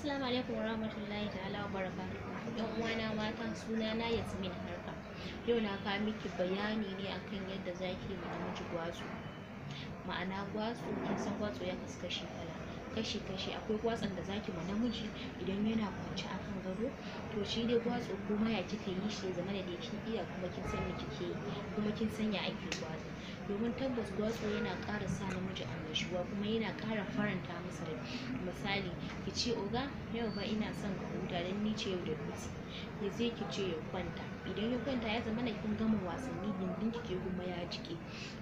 Assalamu alaikum wa rahmatullahi ta'ala wa barakatuhu. Yan uwana mata suna na Yasmin Harka. Yau na ka miki bayani ne akan yadda zaki ma namiji gwatsu. Ma'ana gwatsu kin san gwatsu ya kasu kashi kala. Kashi kashi akwai gwatsan da zaki ma namiji idan yana kwance akan gado to shi dai gwatso kuma ya kika yi shi ya zama da kin iya kuma kin san me kike yi kuma kin san ya ake gwatsu. domin tabbas gwatsu yana ƙara sa namiji annashuwa kuma yana ƙara faranta masa rai misali ki ce oga yau ba ina son ka huta don ni yau da dutse ya zai ki ce ya kwanta idan ya kwanta ya zama na kin gama wasanni gindin ki ke kuma ya jike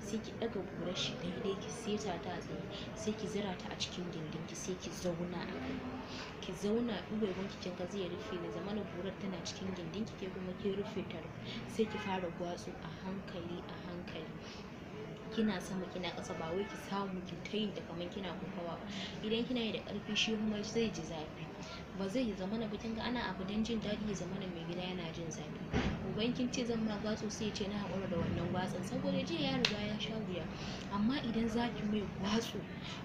sai ki ɗaga ƙurar shi daidai ki seta ta a tsaye sai ki zira ta a cikin gindin ki sai ki zauna a kai ki zauna ɗuwaiwan kicin ka zai rufe da zama na ƙurar tana cikin gindin ki ke kuma ki rufe ta sai ki fara gwatsu a hankali a hankali kina sama kina ƙasa ba wai ki samu ki ta yin ta kamar kina kokawa ba idan kina yi da ƙarfi shi kuma zai ji zafi ba zai zama na ba kinga ana abu don jin daɗi ya zama mai gida yana jin zafi uban kin ce zan ma gatsu sai ce na haƙura da wannan gatsan saboda jiya ya riga ya sha wuya amma idan za mai gwatsu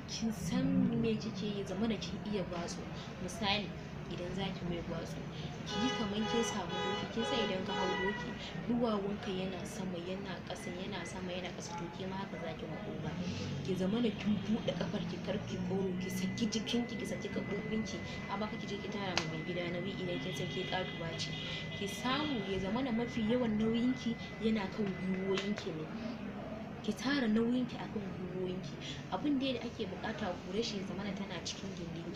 kin san me kike yi zama kin iya gwatsu misali idan za ki mai gwatsu ki yi kamar kin samu doki kin idan ka hau doki duwawunka yana sama yana ƙasa yana sama yana ƙasa to ke ma haka za ki ba ki zama da kin buɗe ƙafar ki karki goro ki saki jikinki ki saki a baka ki je ki tara ma mai gida nauyi idan kin san ke ƙatuwa ce ki samu ya zama da mafi yawan nauyin ki yana kan gwiwoyinki ne ki tara nauyin ki akan gwiwoyin ki abin da ake bukata ku rashin zamana tana cikin gindin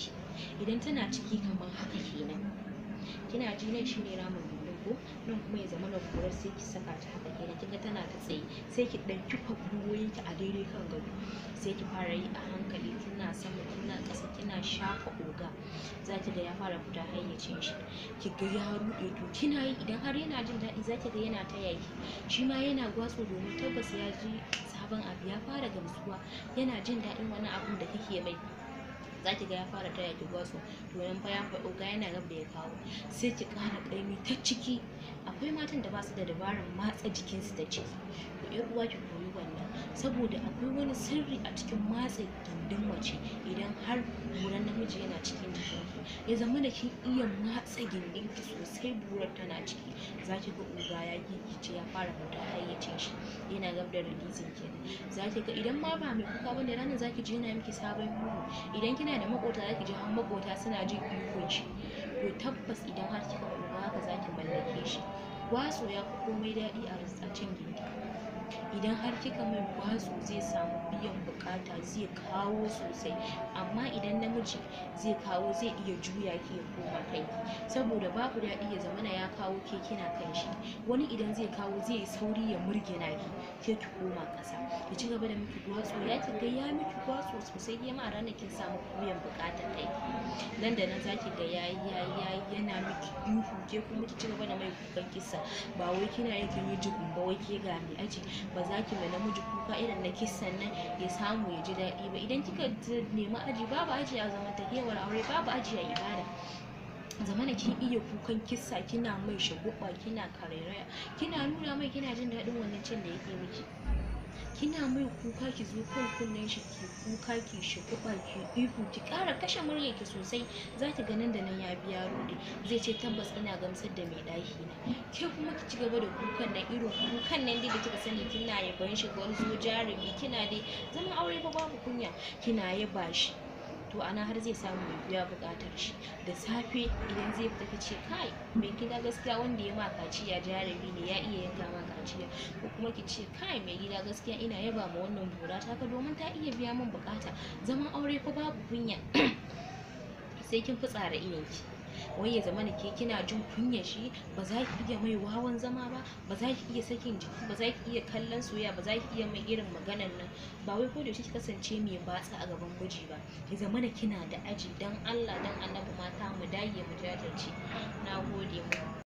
idan tana ciki kamar haka kenan kina ji shi ne ramin ko nan kuma ya zama na kura sai ki saka ta haka kenan kin ga tana ta tsaye sai ki dan kifa buwoyin ki a daidai kan gado sai ki fara yi a hankali kina sama kina ƙasa kina shafa oga za ki ga ya fara fita hayyacin shi ki ga ya rude to kina yi idan har yana jin daɗi zaki ki ga yana ta yaki shi ma yana gwatsu domin tabbas ya ji sabon abu ya fara gamsuwa yana jin daɗin wani abun da kike mai za ki ga ya fara taya ki gwaso to nan fa ya faɗo ga yana gab da ya kawo sai ki ƙara ƙaimi ta ciki akwai matan da ba su da dabarar matsa jikinsu ta ciki to ƴan uwa ki saboda akwai wani sirri a cikin matse gindin mace idan har buran namiji yana cikin jikinki ya zama da kin iya matse gindinki sosai burar tana ciki za ki ga uga ya gigice ya fara fita hayyacin shi yana gab da releasing kenan za ki ga idan ma ba mai kuka bane ranar za ki je yana miki sabon ihu idan kina da makota za ki ji har makota suna jin ikon shi to tabbas idan har kika uga haka za ki mallake shi kwaso ya fi komai daɗi a cin gindi idan har kika mai gwatsu zai samu biyan bukata zai kawo sosai amma idan namiji zai kawo zai iya juya ki ya koma kanki saboda babu daɗi ya zamana ya kawo ke kina kan shi wani idan zai kawo zai sauri ya murgina ki ke ki koma ƙasa ki ci gaba da miki gwatsu ya ki ga ya miki gwatsu sosai ya ma ranar kin samu biyan bukatar kai nan da nan zaki ga yayi yayi yana miki ihu ke kuma ki ci gaba da mai kukan kisa ba wai kina yin kin yi jikun ba wai ke ga mai aji ba za ki mai namiji kuka irin na kisan nan ya samu ya ji daɗi ba idan kika nemi aji babu aji a zamantakewar aure babu aji a ibada zamana kin iya kukan kisa kina mai shagubba kina karairaya kina nuna mai kina jin daɗin wannan cin da yake miki kina mai kuka ki zo kan kunnen shi ki kuka ki shi kuba ki ihu ki ƙara kashe murya ki sosai za ki ganin da nan ya biya ne zai ce tabbas ina gamsar da mai ɗaki na ke kuma ki ci gaba da kukan nan irin kukan nan dai da kika sani kina yaban shi gwanzo jarumi kina dai zaman aure fa babu kunya kina yaba shi to ana har zai samu ya buƙatar shi da safe idan zai fita ka ce kai mai gida gaskiya wanda ya ma kaciya jarabi ne ya iya yanka ma kaciya ko kuma ki ce kai mai gida gaskiya ina yaba ma wannan bura ta ka domin ta iya biya min buƙata zaman aure fa babu kunya sai kin fi fitsara iyanki wai ya zama ke kina jin kunya shi ba za ki iya mai wawan zama ba ba za ki iya sakin jiki ba za ki iya kallon soyayya ba za ki iya mai irin maganan nan ba wai ko da ki kasance mai batsa a gaban miji ba ya zama kina da aji dan Allah dan Annabi mata mu dage mu jajirce na gode mu